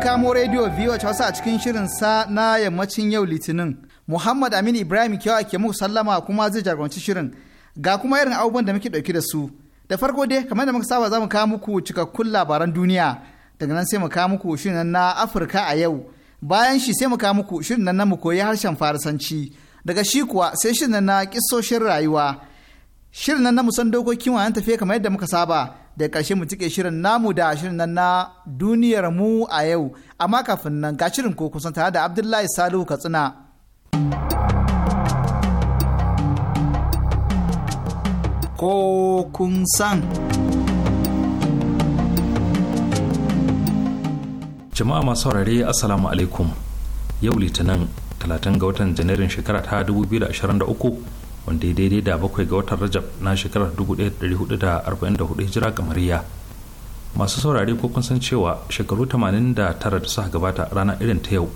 kun kamo rediyo a Hausa a cikin shirin sa na yammacin yau Litinin. Muhammad Amin Ibrahim kyau ke muku sallama kuma zai jagoranci shirin. Ga kuma irin abubuwan da muke dauki da su. Da farko dai kamar da muka saba za mu kawo muku cikakkun labaran duniya. Daga nan sai mu kawo muku shirin na Afirka a yau. Bayan shi sai mu kawo muku shirin na mu koyi harshen Farisanci. Daga shi kuwa sai shirin na kisoshin rayuwa. Shirin na musan dokokin wayan tafiya kamar yadda muka saba. da ƙarshe mu tike shirin namu da shirin nan na duniyar mu a yau amma kafin nan ga shirin ko kusan tare da abdullahi salihu katsina ko kun san jama'a masu saurare assalamu alaikum yau litinin 30 ga watan janairun shekara ta 2023 wanda ya daidai da bakwai ga watan rajab na shekarar 1444 hijira kamariya masu saurare ko kun san cewa shekaru 89 da suka gabata rana irin ta yau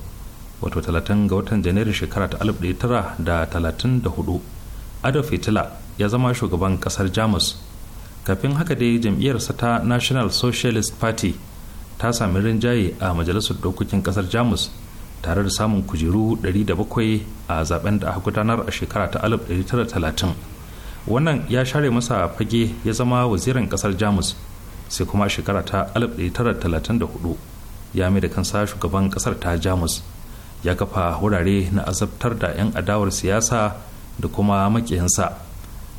wato 30 ga watan janairun shekara ta 1934 adolf hitler ya zama shugaban kasar jamus kafin haka dai jam'iyyarsa ta national socialist party ta sami rinjaye a majalisar dokokin kasar jamus tare da samun kujeru 700 a zaben da aka gudanar a shekara ta 1930 wannan ya share masa fage ya zama wazirin kasar jamus sai kuma a shekara ta 1934 ya mai da kansa shugaban kasar ta jamus ya kafa wurare na azabtar da 'yan adawar siyasa da kuma makiyansa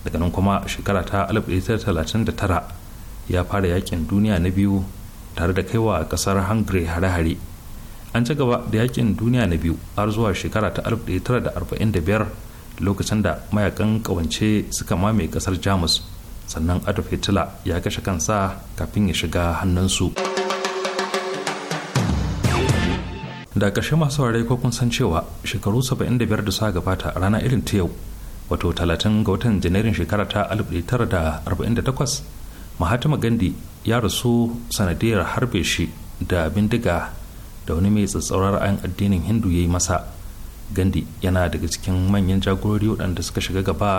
daga nan kuma shekara ta 1939 ya fara yakin duniya na biyu tare da kaiwa kasar hungary hare-hare an ci gaba da yakin duniya na biyu har zuwa shekara ta 1945 lokacin da mayakan kawance suka mame kasar jamus sannan adolf hitler ya kashe kansa kafin ya shiga hannunsu da ƙarshe masu ware ko kun san cewa shekaru 75 da suka gabata rana irin ta yau wato 30 ga watan janairun shekara ta 1948 mahatma gandhi ya rasu sanadiyar harbe shi da bindiga da wani mai tsatsaurar ra'ayin addinin hindu ya yi masa gandi yana daga cikin manyan jagorori waɗanda suka shiga gaba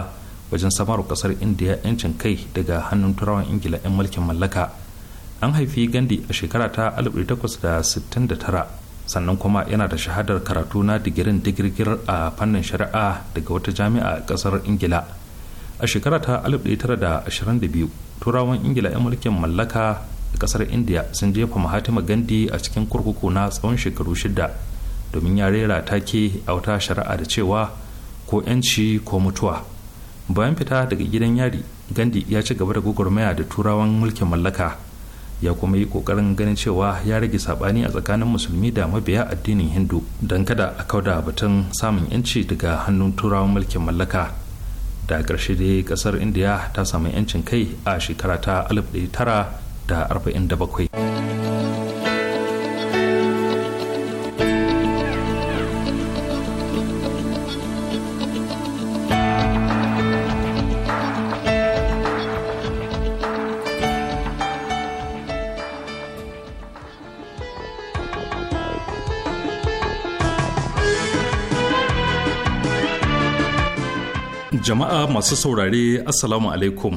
wajen samar kasar indiya 'yancin kai daga hannun turawan ingila 'yan mulkin mallaka an haifi gandi a shekara ta 1869 sannan kuma yana da shahadar karatu na digirin digirgir a fannin shari'a daga wata jami'a a kasar ingila a shekara ta 1922 turawan ingila 'yan mulkin mallaka da kasar india sun jefa mahatima gandhi a cikin kurkuku na tsawon shekaru shida domin ya rera take a wata shari'a da cewa ko 'yanci ko mutuwa bayan fita daga gidan yari gandhi ya ci gaba da gwagwarmaya da turawan mulkin mallaka ya kuma yi kokarin ganin cewa ya rage sabani a tsakanin musulmi da mabiya addinin hindu don kada a kauda batun samun yanci daga hannun turawan mulkin mallaka da ƙarshe dai ƙasar indiya ta samu yancin kai a shekara ta 1947 da 47 jama'a masu saurare assalamu alaikum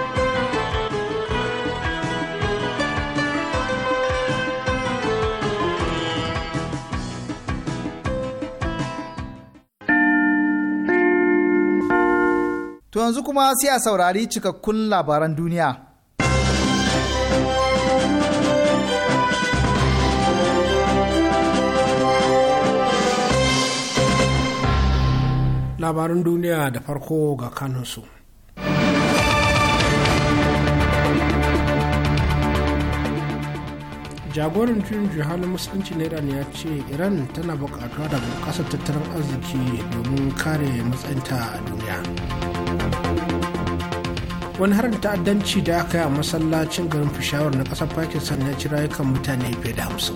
yanzu kuma sai a saurari cikakkun labaran duniya. Labarin duniya da farko ga kanunsu. jagoran juyin halin musulunci na iran ya ce iran tana bukatuwa daga kasar tattalin arziki domin kare matsayinta a wani harin da ta'addanci da aka yi a masallacin garin fishawar na ƙasar pakistan na ci rayukan mutane fiye da hamsin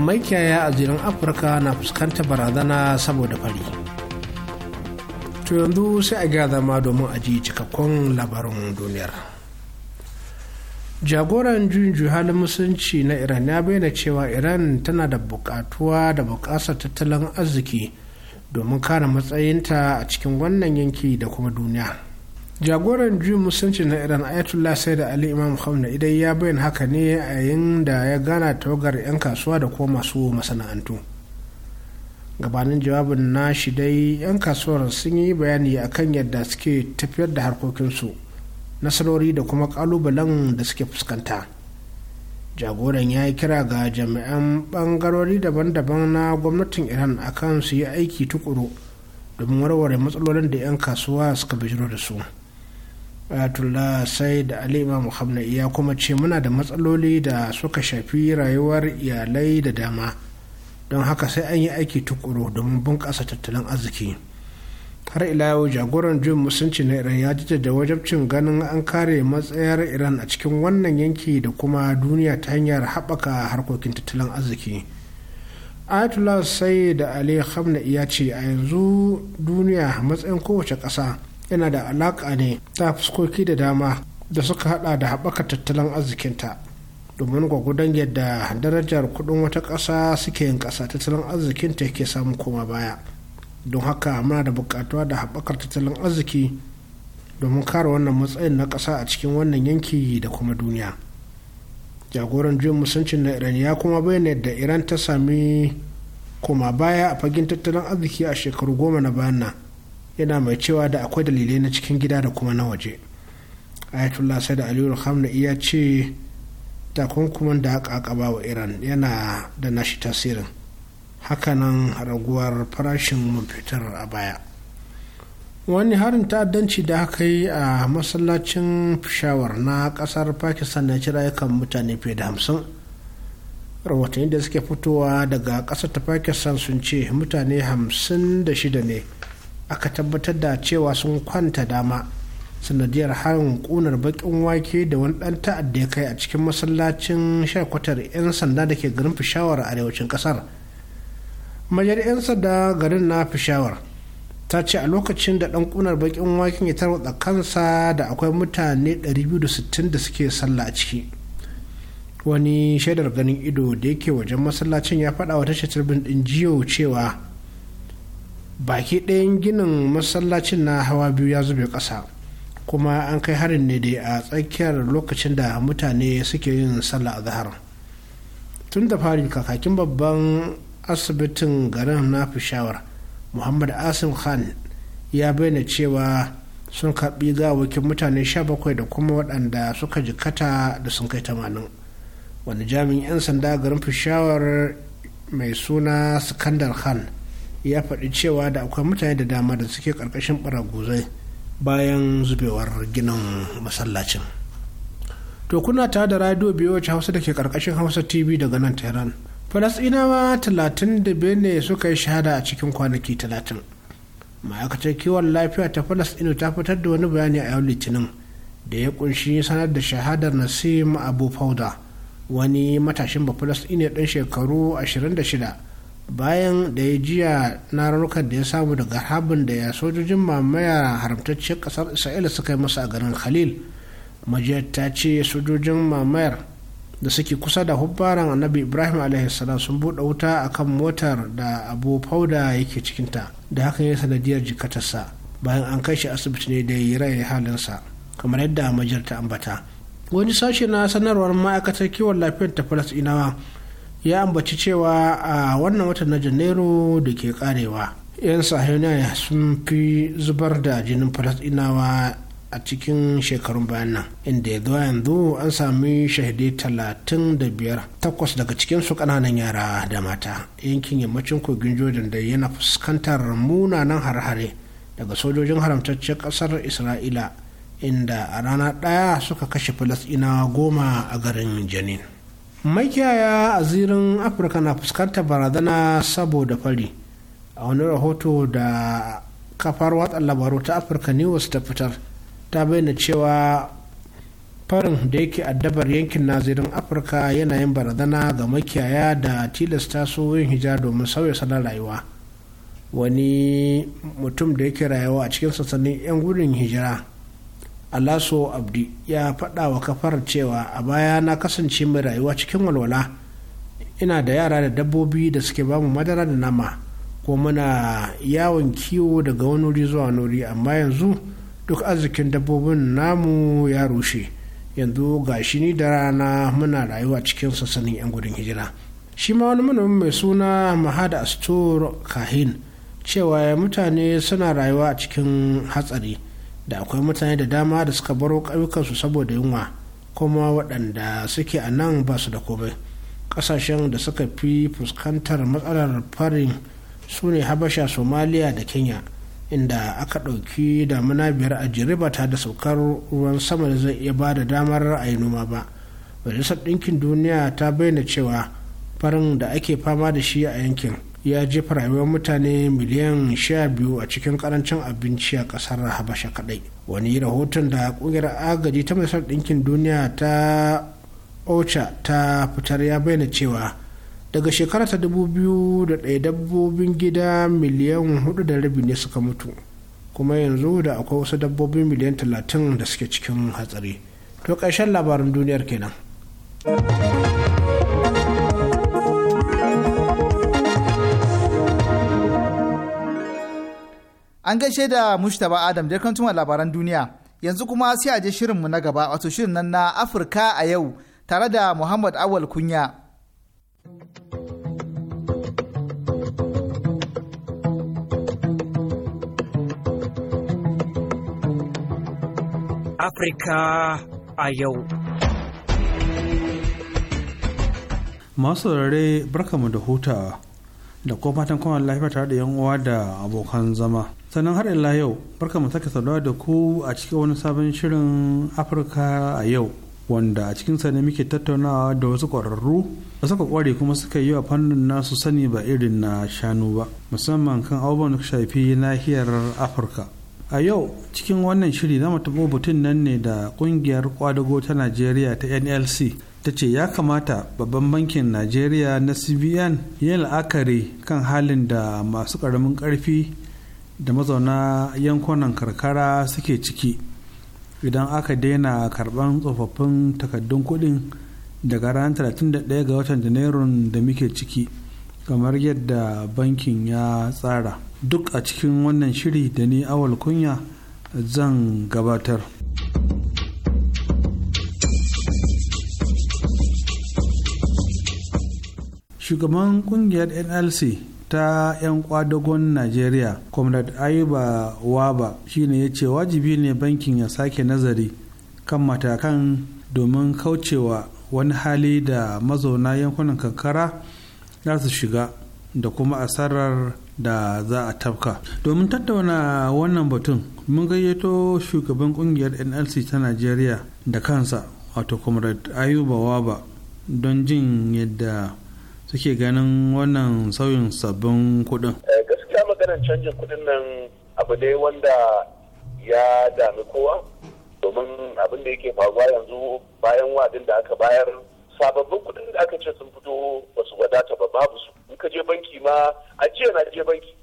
Maikiyaya a zirin afirka na fuskantar barazana saboda fari to yanzu sai a gaya zama domin a ji cikakkun labarin duniyar jagoran juyin halin musulunci na iran ya bayyana cewa iran tana da bukatuwa da bukasar tattalin arziki domin kare matsayinta a cikin wannan yanki da kuma duniya jagoran juyin musulunci na iran ayatollah sai da ali imam khamenei idan ya bayyana haka ne a yin da ya gana tawagar 'yan kasuwa da kuma masu masana'antu gabanin jawabin na shi dai 'yan kasuwar sun yi bayani akan yadda suke tafiyar da harkokinsu nasarori da kuma kalubalen da suke fuskanta jagoran ya yi kira ga jami'an bangarori daban-daban na gwamnatin iran akan su yi aiki tukuru domin warware matsalolin da 'yan kasuwa suka bijiro da su. ayatollah said ali imam khamenei ya kuma ce muna da matsaloli da suka shafi rayuwar iyalai da dama don haka sai an yi aiki tukuru domin bunƙasa tattalin arziki har ila yau jagoran jin musulunci na iran ya jaddada wajabcin ganin an kare matsayar iran a cikin wannan yanki da kuma duniya ta hanyar haɓaka harkokin tattalin arziki ayatollah sai da ali khamenei ya ce a yanzu duniya matsayin kowace ƙasa yana da alaƙa ne ta fuskoki da dama da suka hada da haɓaka tattalin arzikinta domin gwagwadon yadda darajar kudin wata ƙasa suke yin ƙasa tattalin arzikinta yake samun koma baya don haka muna da buƙatuwa da haɓakar tattalin arziki domin kare wannan matsayin na ƙasa a cikin wannan yanki da kuma duniya jagoran juyin musuncin na iran ya kuma bayyana yadda iran ta sami koma baya a fagen tattalin arziki a shekaru goma na bayan nan yana mai cewa da akwai dalilai na cikin gida da kuma na waje ayatollah said aliyu khamenei iya ce takunkuman da aka akaba wa iran yana da nashi tasirin hakanan raguwar farashin man a baya wani harin ta'addanci da haka yi a masallacin fishawar na kasar pakistan na ci rayukan mutane fiye da hamsin rahotanni da suke fitowa daga kasar ta pakistan sun ce mutane hamsin da shida ne aka tabbatar da cewa sun kwanta dama sanadiyar harin kunar bakin wake da wani dan ta'adda ya kai a cikin masallacin shakwatar 'yan sanda da ke garin fishawar a arewacin kasar majar 'yan sanda garin na fishawar ta ce a lokacin da dan kunar bakin waken ya tarwatsa kansa da akwai mutane 260 da suke sallah a ciki wani shaidar ganin ido da yake wajen masallacin ya faɗa wa tashar ɗin jiyo cewa baki ɗayan ginin masallacin na hawa biyu ya zube ƙasa kuma an kai harin ne dai a tsakiyar lokacin da mutane suke yin sallah a azhar tun da fari kakakin babban asibitin garin na fishawar muhammad asim khan ya bayyana cewa sun karɓi gawakin mutane 17 da kuma waɗanda suka jikata da sun kai 80 wani jami'in 'yan sanda garin fishawar mai suna skandar khan ya faɗi cewa da akwai mutane da dama da suke ƙarƙashin baraguzai bayan zubewar ginin masallacin to kuna ta da radio biyu wacce hausa da ke ƙarƙashin hausa tv daga nan tehran falasɗinawa talatin da biyar ne suka yi shahada a cikin kwanaki talatin ma'aikatar kiwon lafiya ta falasɗinu ta fitar da wani bayani a yau litinin da ya kunshi sanar da shahadar nasim abu fauda wani matashin ba bafalasɗinu ɗan shekaru ashirin da shida. bayan da ya jiya na rarrukan da ya samu daga harbin da ya sojojin mamaya haramtacciyar kasar isra'ila suka yi masa a garin khalil majiyar ta ce sojojin mamayar da suke kusa da hubbaran annabi ibrahim alaihissalam sun buɗe wuta akan motar da abu fauda yake cikinta da haka ya sanadiyar jikatarsa bayan an kai shi asibiti ne da ya rai halinsa kamar yadda majiyar ta ambata wani sashe na sanarwar ma'aikatar kiwon lafiyar ta falasɗinawa ya ambaci cewa a wannan watan na janairu da ke karewa 'yan sahiyoniya sun fi zubar da jinin falasɗinawa a cikin shekarun bayan nan inda ya zuwa yanzu an sami shahidai talatin da biyar takwas daga cikin su kananan yara da mata yankin yammacin kogin jordan da yana fuskantar munanan har-hare daga sojojin haramtaccen ƙasar isra'ila inda a rana ɗaya suka kashe falasɗinawa goma a garin janin makiyaya a zirin afirka na fuskantar barazana saboda fari a wani rahoto da kafar watsa labaru ta afirka news ta fitar ta bayyana cewa farin da yake addabar yankin nazirin afirka yana yin barazana ga makiyaya da tilasta su yin hijira domin sauya salon rayuwa wani mutum da yake rayuwa a cikin sassanin 'yan gudun hijira alaso abdi ya faɗa wa kafar cewa a baya na kasance mai rayuwa cikin walwala ina da yara da dabbobi da suke bamu madara da nama ko muna yawon kiwo daga wani wuri zuwa wuri amma yanzu duk arzikin dabbobin namu ya rushe yanzu ga shi ni da rana muna rayuwa cikin sassanin 'yan gudun hijira shi ma wani manomi mai suna mahada astor kahin cewa mutane suna rayuwa a cikin hatsari da akwai mutane da dama da suka baro ƙauyukansu saboda yunwa kuma waɗanda suke a nan ba su da komai ƙasashen da suka fi fuskantar matsalar farin su ne habasha somaliya da kenya inda aka ɗauki damuna biyar a jiriba ta da saukar ruwan sama da zai iya ba da damar a yi noma ba majalisar ɗinkin duniya ta bayyana cewa farin da ake fama da shi a yankin ya jefa rayuwar mutane miliyan 12 a cikin karancin abinci a kasar habasha kadai wani rahoton da kungiyar agaji ta masar ɗinkin duniya ta ocha ta fitar ya bayyana cewa daga shekarar ta 2001 dabbobin gida miliyan 4.5 ne suka mutu kuma yanzu da akwai wasu dabbobin miliyan 30 da suke cikin hatsari to ƙarshen labarin duniyar kenan. An gaishe da Mushtaba Adam da kan labaran duniya. Yanzu kuma sai a je shirinmu na gaba wato shirin nan na Afirka a yau tare da Muhammad Awal Kunya. Afirka a yau. Masu rare barkamu da hutawa da kuma fatan kwanan lafiya tare da 'yan uwa da abokan zama. sannan har illa yau barka mu sake saduwa da ku a cikin wani sabon shirin afirka a yau wanda a cikinsa ne muke tattaunawa da wasu ƙwararru da suka ƙware kuma suka yi wa fannin nasu sani ba irin na shanu ba musamman kan abubuwan da shafi nahiyar afirka a yau cikin wannan shiri za mu taɓo batun nan ne da ƙungiyar kwadago ta najeriya ta nlc ta ce ya kamata babban bankin najeriya na cbn ya la'akari kan halin da masu ƙaramin ƙarfi da mazauna yankunan karkara suke ciki idan aka daina karban tsofaffin takaddun kuɗin daga ranar 31 ga watan janairun da muke ciki kamar yadda bankin ya tsara duk a cikin wannan shiri da ni awal kunya zan gabatar shugaban kungiyar nlc ta 'yan kwadagon najeriya comrade ayuba waba shine ya ce wajibi ne bankin ya sake nazari kan matakan domin kaucewa wani hali da mazauna yankunan kankara za su shiga da kuma asarar da za a tafka domin tattauna wannan batun mun gayyato shugaban kungiyar nlc ta najeriya da kansa wato comrade ayuba waba don jin yadda Suke ganin wannan sauyin sabbin kuɗin? Eh, gaskiya maganar canjin kuɗin nan abu ne wanda ya dami kowa domin abin da yake faruwa yanzu bayan wadin da aka bayar sababbin kuɗin da aka ce sun fito ba su wadata ba babu su in ka je banki ma a jiya na je banki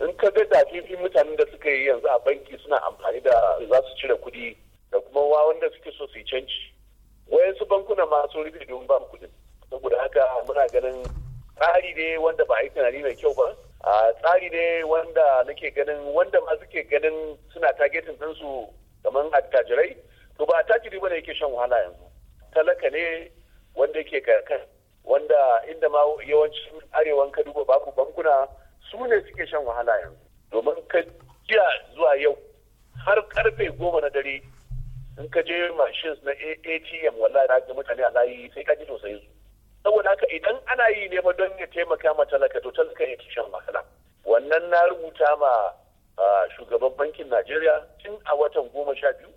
in ka ga dafifi mutanen da suka yi yanzu a banki suna amfani da za su cire kuɗi da kuma wa wanda suke so su yi canji wayansu bankuna ma sun rufe domin babu kuɗi. saboda haka muna ganin tsari ne wanda ba a yi tunani mai kyau ba a tsari ne wanda nake ganin wanda ma suke ganin suna targetin ɗinsu kamar attajirai to ba attajiri ba ne yake shan wahala yanzu talaka ne wanda yake karkar wanda inda ma yawancin arewan ka duba babu bankuna su ne suke shan wahala yanzu domin ka jiya zuwa yau har karfe goma na dare in ka je mashin na atm wallahi na ga mutane a layi sai ka ji sosai su saboda haka idan ana yi ne ma don ya taimaka ma talaka to talaka ya shan matsala wannan na rubuta ma shugaban bankin najeriya tun a watan goma sha biyu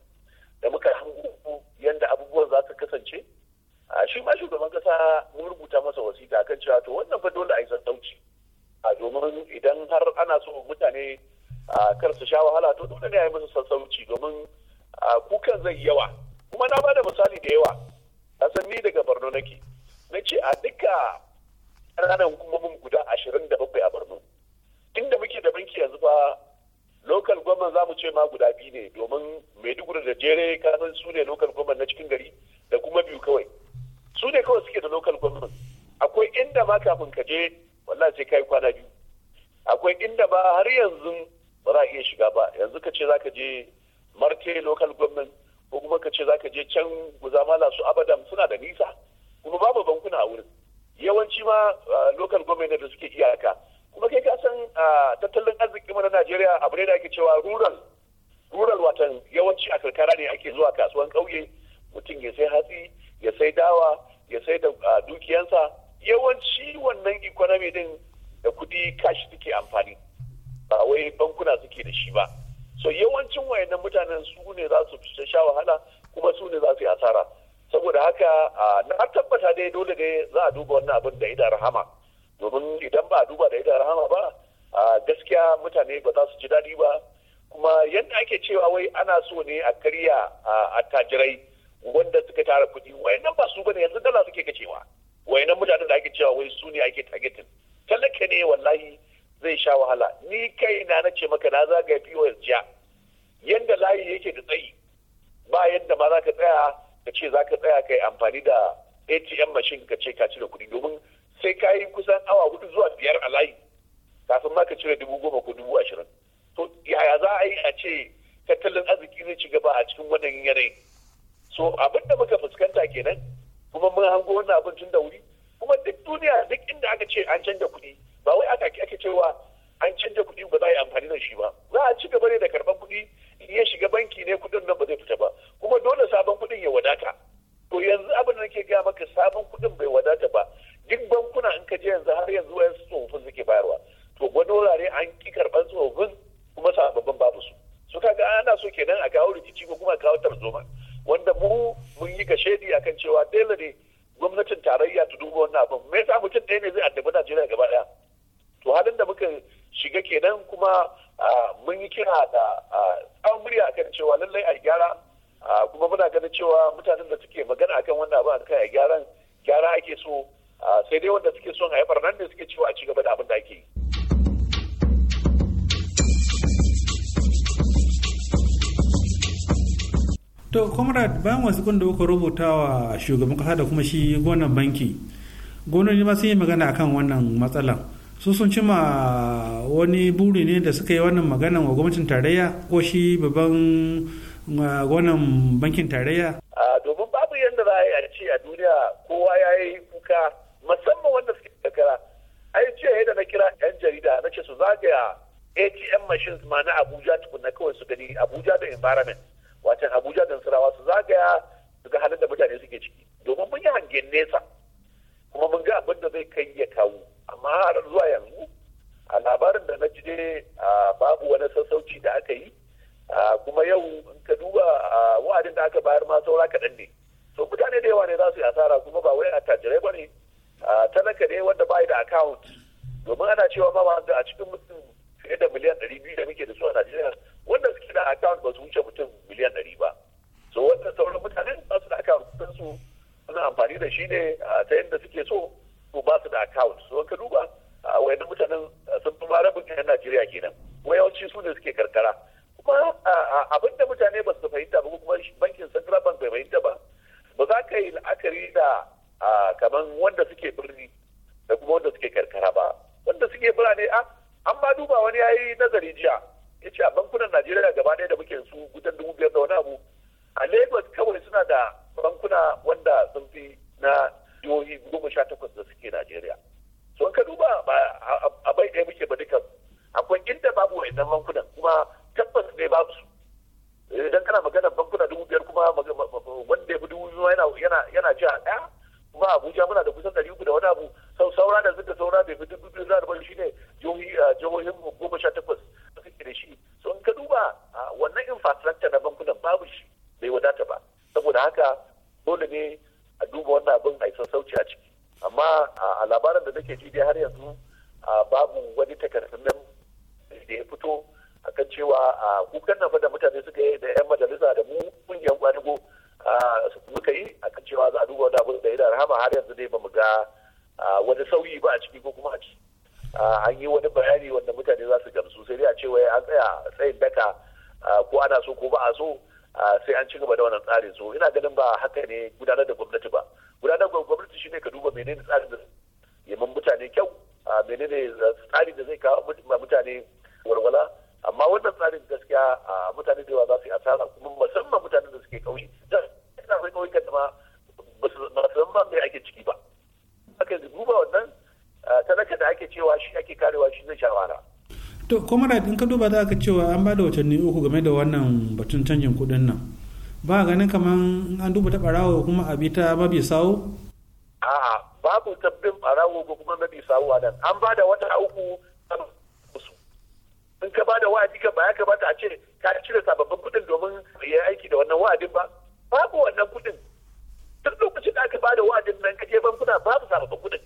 da muka hango yadda abubuwan za su kasance shi ma shugaban kasa mun rubuta masa wasiƙa kan cewa to wannan fa dole a yi a domin idan har ana so mutane kar su sha wahala to dole ne a yi musu sassauci domin kukan zai yawa kuma na bada misali da yawa asan ni daga borno nake na ce a duka ranar hukumomin guda ashirin da bakwai a borno inda muke da banki yanzu fa lokal gwamnan za mu ce ma guda biyu ne domin maiduguri da jere kasan su ne lokal gwamnan na cikin gari da kuma biyu kawai su ne kawai suke da lokal gwamnan akwai inda ma kafin ka je wallahi sai kai kwana biyu akwai inda ba har yanzu ba za a iya shiga ba yanzu ka ce za ka je marte lokal gwamnan ko kuma ka ce za ka je can guzamala su abadan suna da nisa kuma babu bankuna a wurin yawanci ma local government da suke iyaka kuma kai ka san tattalin arziki na Najeriya abu ne da ake cewa rural rural watan yawanci a karkara ne ake zuwa kasuwan kauye mutum ya sai hatsi ya sai dawa ya sai da dukiyansa yawanci wannan economy din da kudi cash suke amfani ba wai bankuna suke da shi ba so yawancin wayannan mutanen su ne za su sha wahala kuma su ne za su yi asara saboda haka na tabbata dai dole dai za a duba wannan abin da ida rahama domin idan ba a duba da idan rahama ba gaskiya mutane ba za su ji daɗi ba kuma yadda ake cewa wai ana so ne a karya attajirai wanda suka tara kuɗi wayannan ba su bane yanzu dala suke kacewa wayannan mutanen da ake cewa wai su ne ake targetin talaka ne wallahi zai sha wahala ni kai na na ce maka na zagaya pos jiya yadda layi yake da tsayi ba yadda ma za ka tsaya ka ce za ka tsaya ka yi amfani da atm machine ka ce ka cire kuɗi domin sai ka yi kusan awa hudu zuwa biyar a layi kafin ma ka cire dubu goma ko dubu ashirin to yaya za a yi a ce tattalin arziki zai ci gaba a cikin wannan yanayi so abin da muka fuskanta kenan kuma mun hango wannan abin tun da wuri kuma duk duniya duk inda aka ce an canja kuɗi ba wai aka ake cewa an canja kuɗi ba za a yi amfani da shi ba za a ci gaba ne da karɓar kuɗi ya shiga banki ne kudin nan ba zai fita ba kuma dole sabon kudin ya wadata to yanzu abin da nake gaya maka sabon kudin bai wadata ba duk bankuna in ka je yanzu har yanzu wayan tsofaffin suke bayarwa to wani wurare an ki karban tsofaffin kuma sababbin babu su su kaga ana so kenan a kawo rikici ko kuma a kawo tarzoma wanda mu mun yi kashedi akan cewa dole ne gwamnatin tarayya ta duba wannan abin me yasa mutum ɗaya ne zai addabi Najeriya gaba ɗaya to halin da muka shiga kenan kuma mun yi kira da tsawon murya akan cewa lallai a gyara kuma muna ganin cewa mutanen da suke magana akan wannan abin akan a gyaran gyara ake so sai dai wanda suke son haifar nan ne suke cewa a ci gaba da abin da ake yi. to comrade bayan wasu da kuka rubuta wa shugaban kasa da kuma shi gonan banki ne ma sun yi magana akan wannan matsalan su sun cima wani buri ne da suka yi wannan maganan wa gwamnatin tarayya ko shi babban wannan uh, bankin tarayya domin babu yadda za a yi a ce a duniya kowa ya yi kuka musamman wanda suke karkara ai ce yadda na kira yan jarida na ce su zagaya atm machines ma na abuja tukuna kawai su gani abuja da environment watan abuja da sarawa su zagaya su ga halin da mutane suke ciki domin mun yi hangen nesa kuma mun ga abin da zai kai ya kawo amma har zuwa yanzu a labarin da na ji dai babu wani sassauci da aka yi kuma yau in ka duba wa'adin da aka bayar ma saura kaɗan ne so mutane da yawa ne za su yi asara kuma ba wai attajirai ba ne talaka ne wanda ba da account domin ana cewa ma wanda a cikin mutum fiye da miliyan ɗari biyu da muke da su a Najeriya wanda suke da account ba su wuce mutum miliyan ɗari ba so wanda sauran mutanen ba su da account su suna amfani da shi ne ta yadda suke so ko ba su da account so ka duba ah, wayannan mutanen ah, sun fi bin yan Najeriya kenan Wai yawanci su ne suke karkara kuma ah, abin da mutane ba su fahimta ba kuma bankin central bank bai fahimta ba ba za ka yi la'akari da kamar wanda suke birni da kuma wanda suke karkara ba wanda suke birane a an ba duba wani ya yi nazari jiya ya ce a bankunan najeriya gaba ɗaya da muke su gudan dubu biyar da wani abu a lagos kawai suna da bankuna wanda sun fi na jihohi goma sha takwas da suke Najeriya. So ka duba a bai ɗaya muke ba dukan akwai inda babu wa'annan bankunan kuma tabbas ne babu su. Eh, idan kana magana bankuna dubu biyar kuma wanda ya fi dubu biyu yana jiha ɗaya kuma Abuja muna da kusan ɗari uku da wani abu sau saura da zuka saura bai fi dubu biyu zuwa da shi ne jihohin goma sha takwas da suke da shi. So in ka duba wannan infrastructure na bankunan babu shi bai wadata ba. Saboda haka dole ne a duba wannan abin a isa sassauci a ciki amma a labarin da nake ji dai har yanzu babu wani takardun da ya fito akan cewa a kukan nan da mutane suka yi da 'yan majalisa da mu kungiyar kwanigo muka yi akan cewa za a duba wani abin da ya rahama har yanzu dai ba mu ga wani sauyi ba a ciki ko kuma a ciki an yi wani bayani wanda mutane za su gamsu sai dai a cewa an tsaya tsayin daka ko ana so ko ba a so sai an ci gaba da wannan tsari so ina ganin ba haka ne gudanar da gwamnati ba gudanar da gwamnati shine ka duba menene tsarin da ya mun mutane kyau menene tsarin da zai kawo mutane walwala amma wannan tsarin gaskiya mutane da yawa za su yi asara kuma musamman mutanen da suke kauye da ina kai kauye kan ma ba su ba mai ake ciki ba haka yanzu duba wannan talaka da ake cewa shi ake karewa shi zai sha wahala to kuma da in ka duba za ka cewa an ba da watanni uku game da wannan batun canjin kuɗin nan ba ganin kamar an duba ta ɓarawo kuma a ta babi sawo? a babu tabbin ɓarawo ko kuma babi sawo a nan an ba da wata uku in ka ba da wa'adi ka ba ya kamata a ce ka cire sababbin kuɗin domin ya aiki da wannan wa'adin ba babu wannan kuɗin duk lokacin da aka ba da wa'adin nan ka je bankuna babu sababbin kuɗin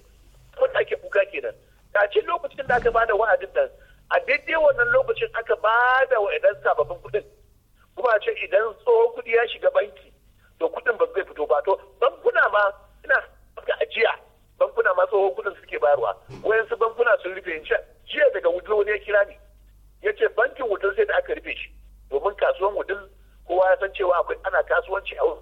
wanda ake kuka kenan ta ce lokacin da aka ba da wa'adin nan a daidai wannan lokacin aka ba da wa'adan sababbin kuɗin kuma ce idan tsohon kuɗi ya shiga banki to kuɗin ba zai fito ba to bankuna ma ina ka ajiya bankuna ma tsohon kuɗin suke bayarwa wayansu bankuna sun rufe in jiya daga wudul wani ya kira ni ya ce bankin wudul sai da aka rufe shi domin kasuwan wudul kowa ya san cewa akwai ana kasuwanci a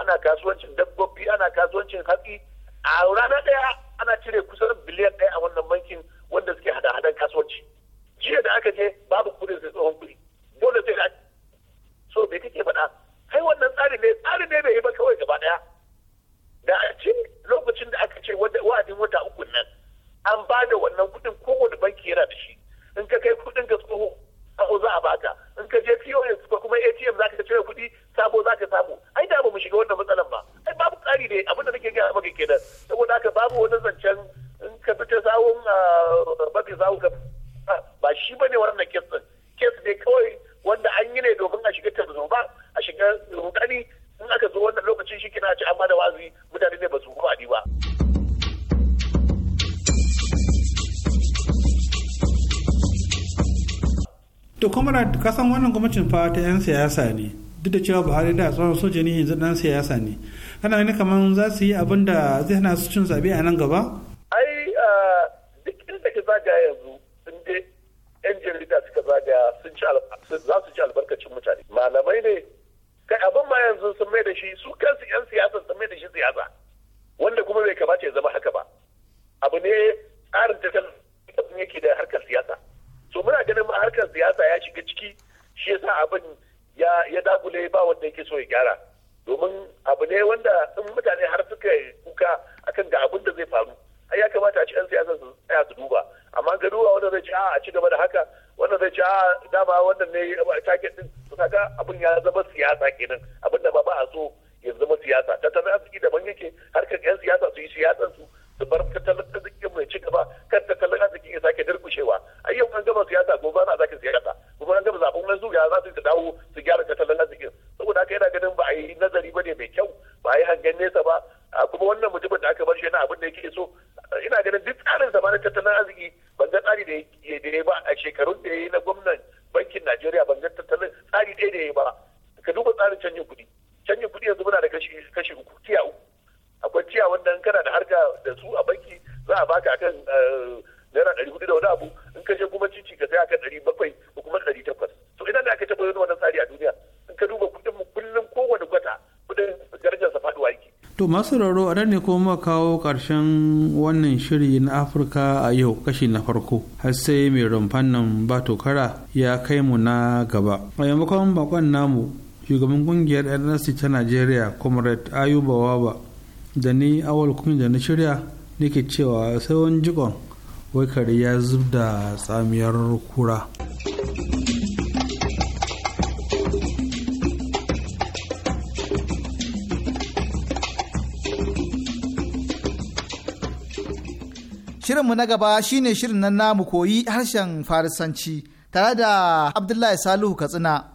ana kasuwancin dabbobi ana kasuwancin hatsi a rana ɗaya ana cire kusan biliyan ɗaya a wannan bankin wanda suke hada-hadan kasuwanci jiya da aka je babu kudin su tsohon kudi dole sai da so me kake faɗa kai wannan tsari ne tsari ne bai yi ba kawai gaba daya da a cikin lokacin da aka ce wa'adin wata uku nan an ba da wannan kudin kowane banki yana da shi in ka kai kudin ga tsoho ko za a baka in ka je POS ko kuma ATM zaka cire kuɗi sabo zaka samu ai da ba mu shiga wannan matsalan ba ai babu tsari ne abinda nake ga maka kenan saboda haka babu wani zancen in ka fita sawun mafi ah, sawu ka shi ba ne wannan kes din kes ne kawai wanda an yi ne domin a shiga ba a shiga rukani in aka zo wannan lokacin shi kina ci amma da wazi mutane ne ba su kuma ba to kuma ka san wannan gwamnatin fa ta 'yan siyasa ne duk da cewa buhari da tsohon soja ne yanzu dan siyasa ne Kana ne kamar za su yi abin da zai hana su cin zaɓe a nan gaba ba ka duba tsarin canjin To masu raro a ne kuma kawo ƙarshen wannan shiri na Afirka a yau kashi na farko har sai mai rumfan nan ba tokara ya kai mu na gaba. A yammakon bakon namu shugaban kungiyar NLC ta Najeriya Comrade Ayuba Waba da ni awal da na shirya nake cewa sai wani jikon wai kare ya zub da tsamiyar kura. shirinmu na gaba shine shirin nan namu koyi harshen Farisanci tare da Abdullahi Salihu Katsina.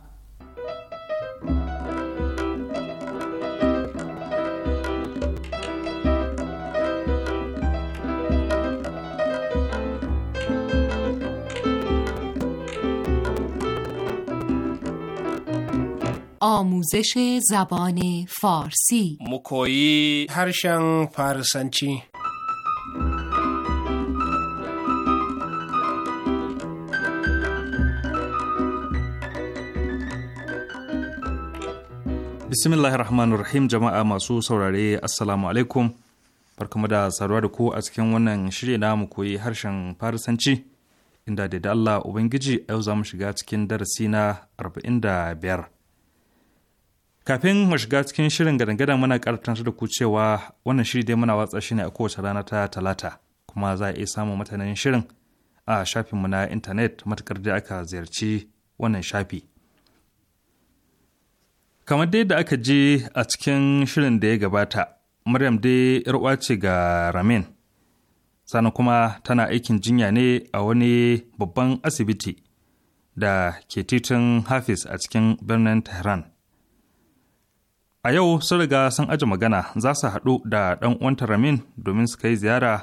آموزش زبان فارسی مکویی هرشن فارسنچی Bismillahirrahmanirrahim jama'a masu saurare Assalamu alaikum. Barkamu da saduwa da ku a cikin wannan shirya na mu koyi harshen Farisanci inda da da Allah Ubangiji yau za mu shiga cikin darasi na arba'in da Kafin mu shiga cikin shirin gadan muna karatar da ku cewa wannan shiri dai muna watsa shi ne a kowace rana ta talata kuma za a iya samun mutanen shirin a shafinmu na intanet matukar da aka ziyarci wannan shafi. kamar dai da aka je a cikin shirin da ya gabata maryam dai 'yar'uwa ce ga ramin sannan kuma tana aikin jinya ne a wani babban asibiti da ke titin hafiz a cikin birnin tehran a yau sun riga sun aji magana za su haɗu da ɗan uwanta ramin domin su kai ziyara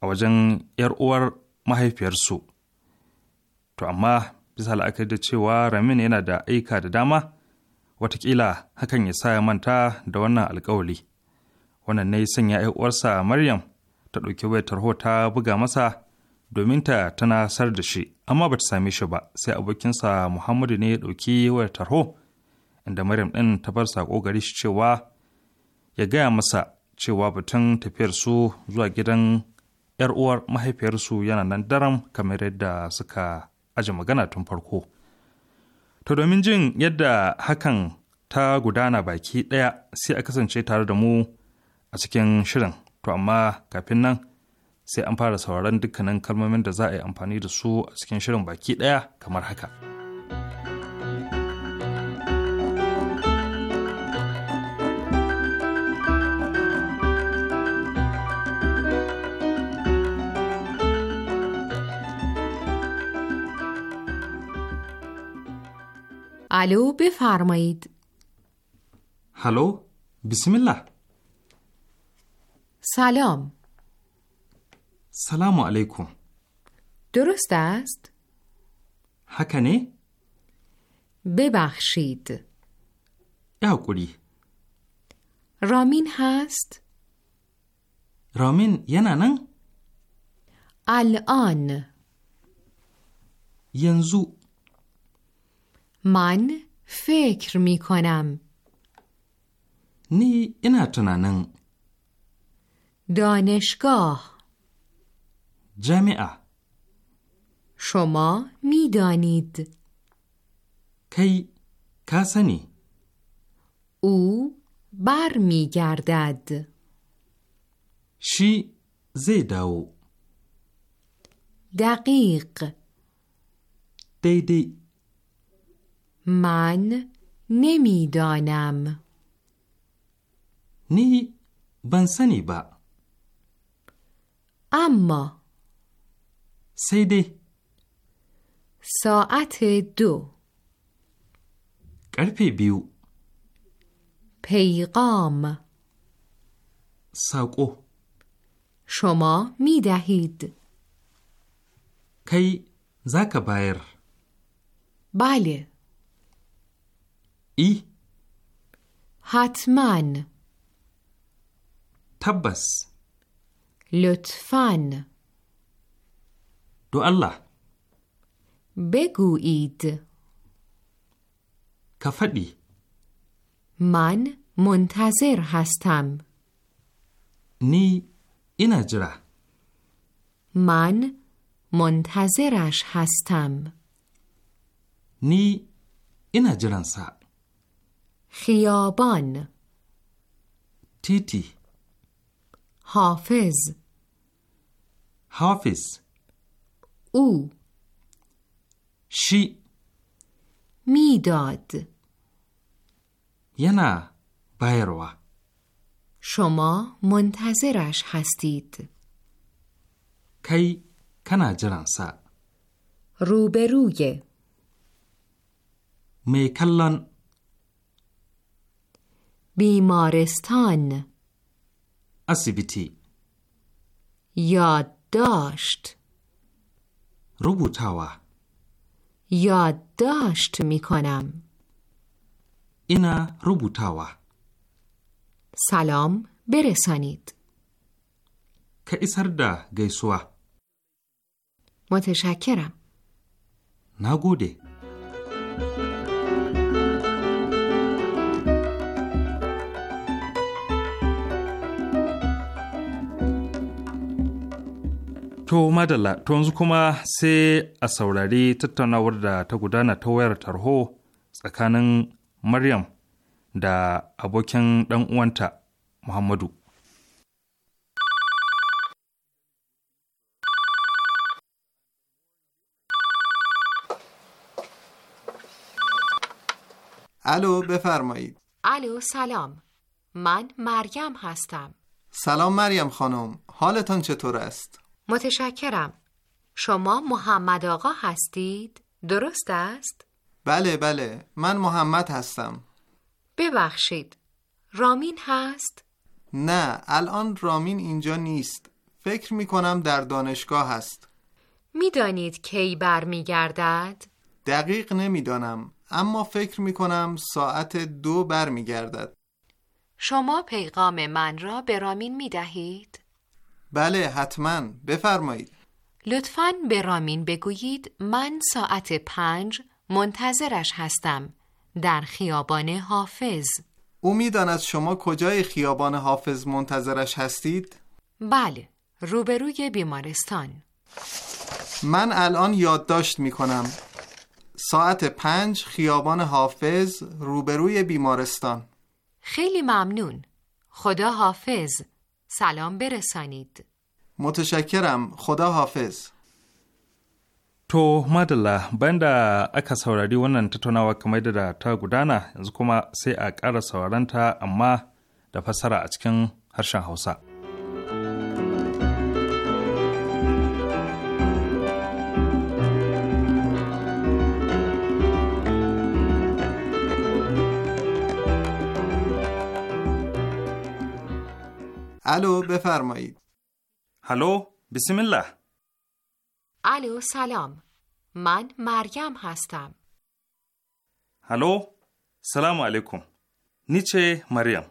a wajen 'yar uwar mahaifiyarsu to amma bisa la'akari da cewa ramin yana da aika da dama watakila hakan ya sa ya manta da wannan alkawali wannan ne sanya ya uwarsa maryam ta ɗauki wayar tarho ta buga masa domin ta tana sar da shi amma ba ta same shi ba sai abokinsa muhammadu ne ya ɗauki wayar tarho inda maryam ɗin ta bar saƙo gari shi cewa ya gaya masa cewa batun tafiyar su zuwa gidan yar uwar mahaifiyarsu yana nan daram kamar yadda suka aji magana tun farko. To domin jin yadda hakan ta gudana baki ɗaya sai a kasance tare da mu a cikin shirin. To amma kafin nan sai an fara sauraron dukkanin kalmomin da za a yi amfani da su a cikin shirin baki ɗaya kamar haka. الو بفرمایید هلو بسم الله سلام سلام علیکم درست است؟ حکنه؟ ببخشید کدی؟ رامین هست؟ رامین یه نه؟ الان ینزو من فکر می کنم نی اینا تنانن دانشگاه جمعه. شما میدانید کی کسنی او بر می گردد شی زیداو دقیق دیدی من نمیدانم نی بنسنی با اما سیده ساعت دو قرپی بیو پیغام ساقو شما می دهید کی زک بایر بله ای حتما تبس لطفا دو الله بگویید کفدی من منتظر هستم نی این اجرا من منتظرش هستم نی این اجرانسا خیابان تیتی حافظ حافظ او شی میداد ینا بایروا شما منتظرش هستید کی کنا جرانسا روبروی میکلن بیمارستان اسیبیتی یادداشت روبوتاوا یادداشت می کنم اینا روبوتاوا سلام برسانید که ایسر گیسوا متشکرم نگوده To madalla, to yanzu kuma sai a saurari tattaunawar da ta gudana ta wayar tarho tsakanin Maryam da abokin dan uwanta Muhammadu. الو بفرمایید الو سلام من مریم هستم سلام مریم خانم حالتان چطور است متشکرم. شما محمد آقا هستید؟ درست است؟ بله بله من محمد هستم ببخشید رامین هست؟ نه الان رامین اینجا نیست فکر می کنم در دانشگاه هست میدانید کی برمیگردد؟ دقیق نمیدانم اما فکر می کنم ساعت دو برمیگردد شما پیغام من را به رامین می دهید؟ بله حتما بفرمایید لطفا به رامین بگویید من ساعت پنج منتظرش هستم در خیابان حافظ او میداند شما کجای خیابان حافظ منتظرش هستید؟ بله روبروی بیمارستان من الان یادداشت می کنم ساعت پنج خیابان حافظ روبروی بیمارستان خیلی ممنون خدا حافظ سلام برسانید متشکرم خدا حافظ To madalla banda aka saurari wannan tattaunawa kamar da ta gudana yanzu kuma sai a ƙara sauraranta amma da fassara a cikin harshen Hausa. الو بفرمایید هلو بسم الله الو سلام من مریم هستم هلو سلام علیکم نیچه مریم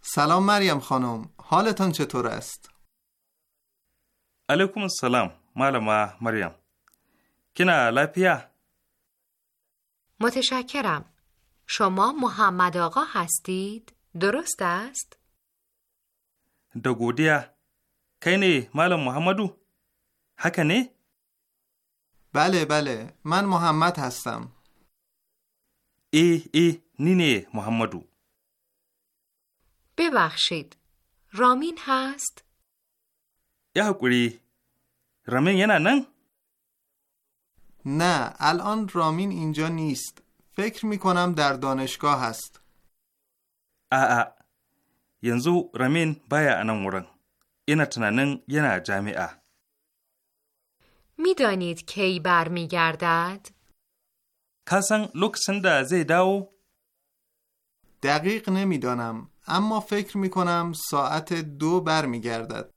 سلام مریم خانم حالتان چطور است؟ علیکم السلام معلم مریم نه لپیا متشکرم شما محمد آقا هستید؟ درست است؟ da godiya kai ne محمدو بله بله من محمد هستم ای ای نینه محمدو ببخشید رامین هست یه حکوری رامین یه نن؟ نه الان رامین اینجا نیست فکر می کنم در دانشگاه هست آ ah, ah. ینزو رامین بایا انان ورن اینا تنانن ینا جامعه میدانید کی برمیگردد؟ کسان لوکسن دا زی داو؟ دقیق نمیدانم اما فکر می کنم ساعت دو برمیگردد.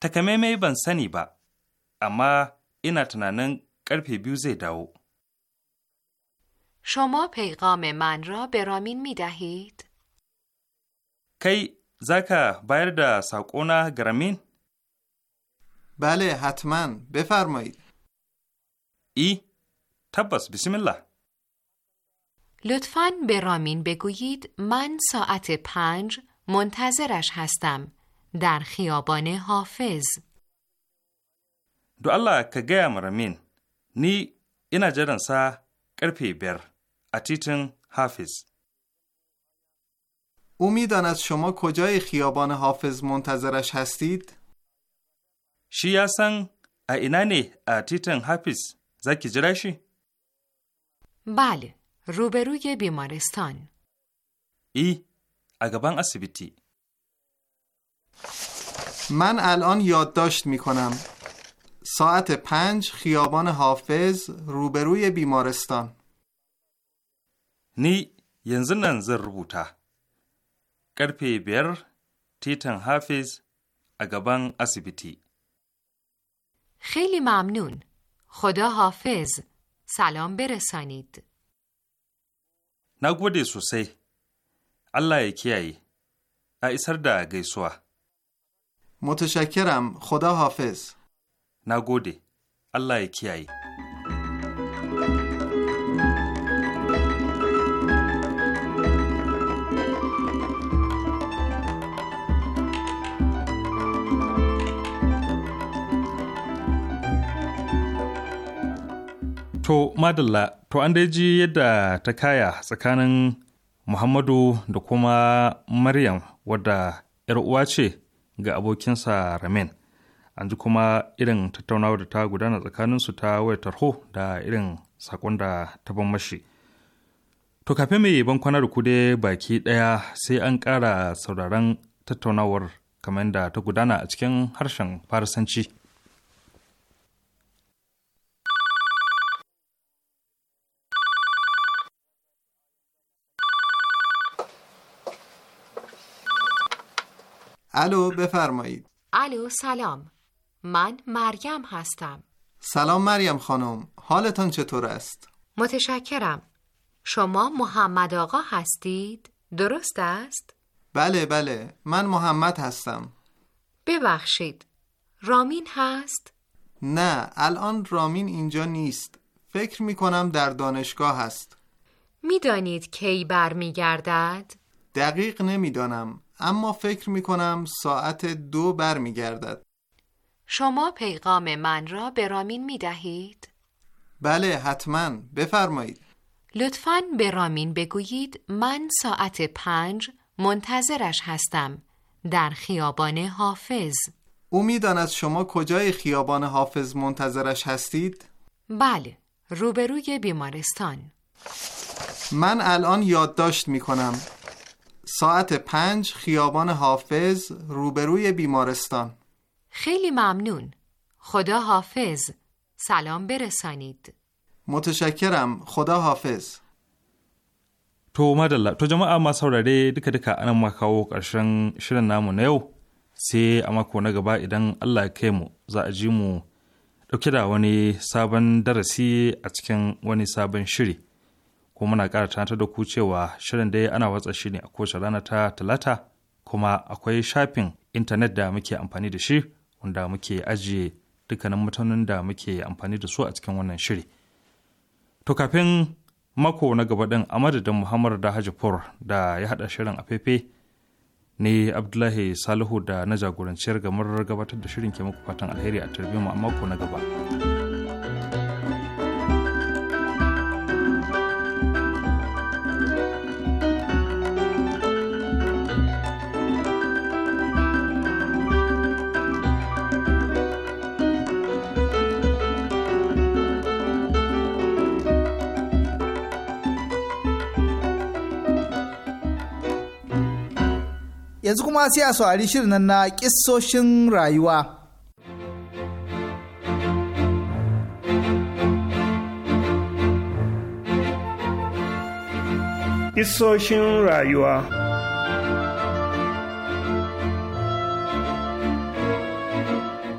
تکمه بن سنی با اما اینا تنانن قرپی بیو زی داو شما پیغام من را به رامین می دهید؟ کی زکه باید دا ساقونا گرامین؟ بله حتما بفرمایید ای تبس بسم الله لطفا به رامین بگویید من ساعت پنج منتظرش هستم در خیابان حافظ دو الله که گم نی اینا رنسه، سا کرپی بر اتیتن حافظ او میداند شما کجای خیابان حافظ منتظرش هستید؟ شی اینانی اتیتن حافظ زکی بله روبروی بیمارستان ای اگبان اسبیتی من الان یادداشت می کنم ساعت پنج خیابان حافظ روبروی بیمارستان نی ینزنن زر روبوتا Karfe biyar titin Hafiz a gaban asibiti. خیلی ممنون. خدا حافظ. سلام برسانید. نگوده سوسی. الله ya kiyaye. A isar da gaisuwa. متشکرم. خدا حافظ. نگوده. الله ya kiyaye. To madalla, to an dai ji yadda ta kaya tsakanin Muhammadu da kuma Maryam wadda ‘yar uwa ce ga abokinsa Ramin. An ji kuma irin tattaunawa da ta gudana tsakaninsu ta waya tarho da irin sakon da ta ban mashi. To kafin mai ban kwana da ku dai baki ɗaya sai an ƙara sauraron tattaunawar kamar da ta gudana a cikin harshen Farisanci. الو بفرمایید الو سلام من مریم هستم سلام مریم خانم حالتان چطور است؟ متشکرم شما محمد آقا هستید؟ درست است؟ بله بله من محمد هستم ببخشید رامین هست؟ نه الان رامین اینجا نیست فکر می کنم در دانشگاه هست میدانید کی برمیگردد؟ دقیق نمیدانم اما فکر می کنم ساعت دو برمیگردد. شما پیغام من را به رامین می دهید؟ بله حتما بفرمایید. لطفا به رامین بگویید من ساعت پنج منتظرش هستم در خیابان حافظ. او میداند شما کجای خیابان حافظ منتظرش هستید؟ بله، روبروی بیمارستان. من الان یادداشت می کنم. ساعت پنج خیابان حافظ روبروی بیمارستان خیلی ممنون خدا حافظ سلام برسانید متشکرم خدا حافظ تو مدلا تو جمع اما سوراره دکا دکا انا مکاو قرشن شرن نامو نیو سی اما کونا گبا ایدن الله کیمو زا اجیمو دوکی دا ونی سابن درسی اچکن ونی سابن شری kuma muna kara tunatar da ku cewa shirin dai ana watsa shi ne a kowace rana ta talata kuma akwai shafin intanet da muke amfani da shi wanda muke ajiye dukkanin mutanen da muke amfani da su a cikin wannan shiri. To kafin mako na gaba ɗin a madadin Muhammadu da Hajifur da ya haɗa shirin a fefe ne Abdullahi Salihu da na jagoranciyar gamar gabatar da shirin ke muku fatan alheri a tarbiyyar mako na gaba. yanzu kuma sai a saurari shirin na kissoshin rayuwa. Kissoshin rayuwa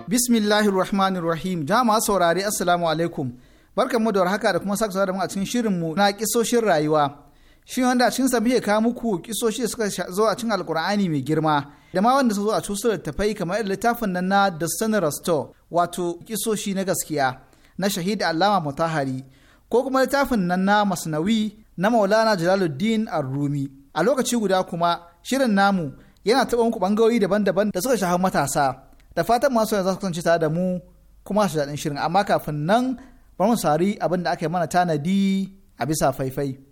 Bismillahir Rahmanir jama'a saurari Assalamu alaikum. Barkanmu da warhaka da kuma sake da mu a cikin shirinmu na kisoshin rayuwa. shi wanda a sa muke kawo muku kisoshi da suka zo a cikin alkur'ani mai girma da ma wanda suka zo a cusar littattafai kamar littafin nan na the sun rasto wato kisoshi na gaskiya na shahid allama mutahari ko kuma littafin nan na masnawi na maulana jalaluddin ar-rumi a lokaci guda kuma shirin namu yana taɓa muku bangarori daban-daban da suka shafi matasa da fatan masu yanzu za su tare da mu kuma su daɗin shirin amma kafin nan bari mu sari abin da aka yi mana tanadi a bisa faifai.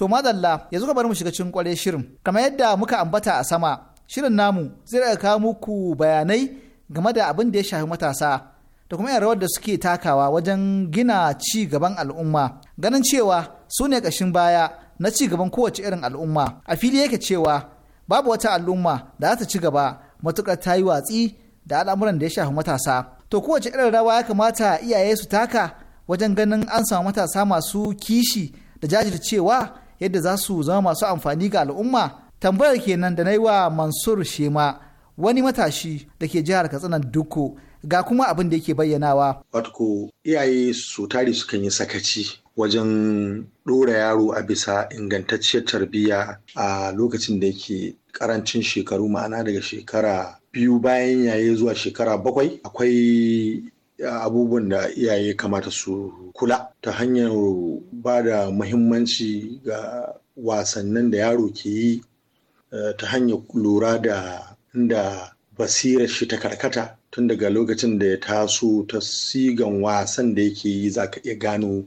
To madalla yanzu ka bar mu shiga cikin kware shirin. Kamar yadda muka ambata a sama, shirin namu zai daga kawo muku bayanai game da abin da ya shafi matasa da kuma 'yan rawar da suke takawa wajen gina ci gaban al'umma. Ganin cewa su ne kashin baya na ci gaban kowace irin al'umma. A fili yake cewa babu wata al'umma da za ta ci gaba matuƙar ta yi watsi da al'amuran da ya shafi matasa. To kowace irin rawa ya kamata iyaye su taka wajen ganin an samu matasa masu kishi da jajircewa yadda za su zama masu amfani ga al'umma tambayar kenan da na yi wa mansur shema wani matashi da ke jihar katsina duku ga kuma abin da yake bayyanawa watko iyaye su tari sukan yi sakaci wajen ɗora yaro a bisa ingantacciyar tarbiyya a lokacin da yake karancin shekaru ma'ana daga shekara biyu bayan yaye zuwa shekara bakwai akwai abubuwan da iyaye kamata su kula ta hanyar ba da muhimmanci ga wasannin da yaro ke yi eh, ta hanyar lura da inda basirar shi ta karkata tun daga lokacin da ya taso ta sigan wasan da yake yi za ka iya gano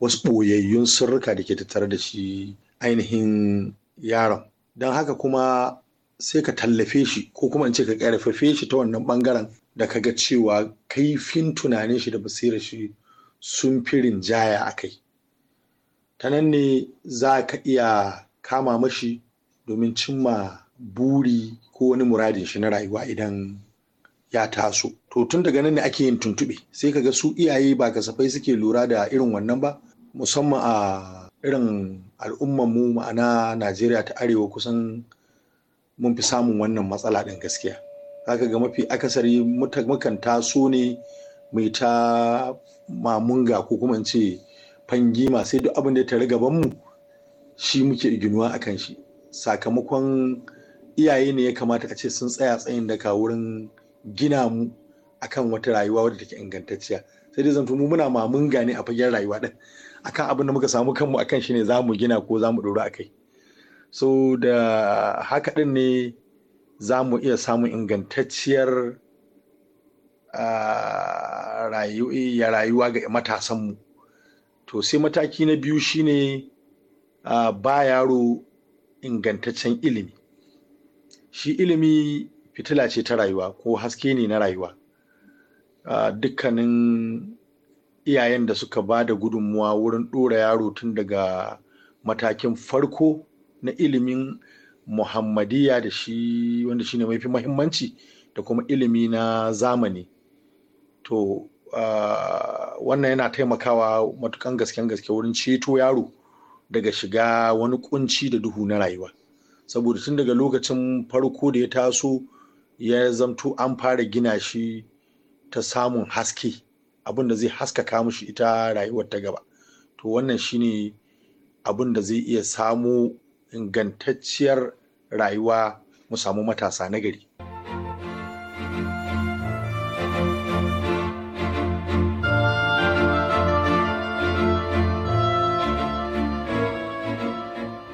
wasu ɓoyayyun sirrika da ke tattare da shi ainihin yaron don haka kuma sai ka tallafe shi ko kuma in ce ka ƙarfafe shi ta wannan ɓangaren da kaga cewa kaifin tunanin shi da basirar shi sun fi rinjaya a kai ta nan ne za ka iya kama mashi domin cimma buri ko wani muradin shi na rayuwa idan ya taso to tun daga nan ne ake yin tuntube sai kaga su iyaye ba kasafai suke lura da irin wannan ba musamman a irin mu ma'ana najeriya ta arewa kusan mun fi samun wannan matsala ɗin gaskiya zaka ga mafi akasari mukan taso ne mai ta mamunga ko kuma in ce fangima sai duk abin da ya tare gabanmu shi muke iginuwa a kan shi sakamakon iyaye ne ya kamata a ce sun tsaya tsayin daga wurin gina mu akan wata rayuwa wadda take ingantacciya sai dai zanto mu muna mamunga ne a fagen rayuwa din akan abin da muka samu kanmu akan shi ne za mu gina ko za mu ɗora a kai so da haka ɗin ne za mu iya samun ingantacciyar ya rayuwa ga matasanmu to sai mataki na biyu shine ba yaro ingantaccen ilimi shi ilimi fitila ce ta rayuwa ko haske ne na rayuwa dukkanin iyayen da suka ba da gudunmuwa wurin ɗora yaro tun daga matakin farko na ilimin muhammadiyya da shi wanda shi ne mafi mahimmanci da kuma ilimi na zamani to wannan yana taimakawa matukan gasken gaske wurin ceto yaro daga shiga wani kunci da duhu na rayuwa saboda tun daga lokacin farko da ya taso ya zamto an fara gina shi ta samun haske abin da zai haskaka mushi ita rayuwar ta gaba to wannan shine abin da zai iya samo ingantacciyar rayuwa mu samu matasa na gari.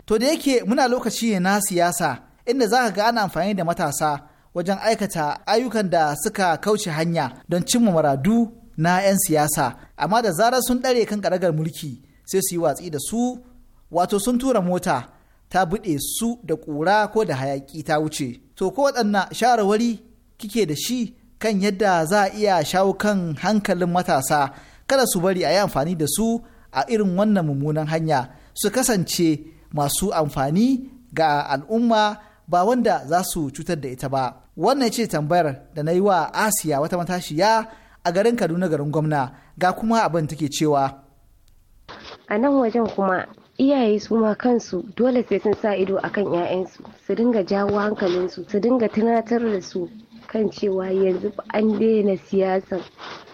To da yake muna lokaci ne na siyasa inda za ka ga ana amfani da matasa wajen aikata ayyukan da suka kauce hanya don cimma maradu na 'yan siyasa amma da zarar sun ɗare kan ƙaragar mulki sai su yi watsi da su wato sun tura mota ta buɗe su da ƙura ko da hayaƙi ta wuce. To ko waɗanna shawarwari kike da shi kan yadda za a iya shawo kan hankalin matasa kada su bari a yi amfani da su a irin wannan mummunan hanya su kasance masu amfani ga al'umma ba wanda za su cutar da ita ba. Wannan ce tambayar da na yi wa Asiya wata matashiya a garin Kaduna garin gwamna ga kuma abin take cewa. A nan wajen kuma iyaye su ma kansu dole sai sun sa ido akan 'ya'yansu su dinga jawo hankalinsu su dinga tunatar da su kan cewa yanzu an daina siyasan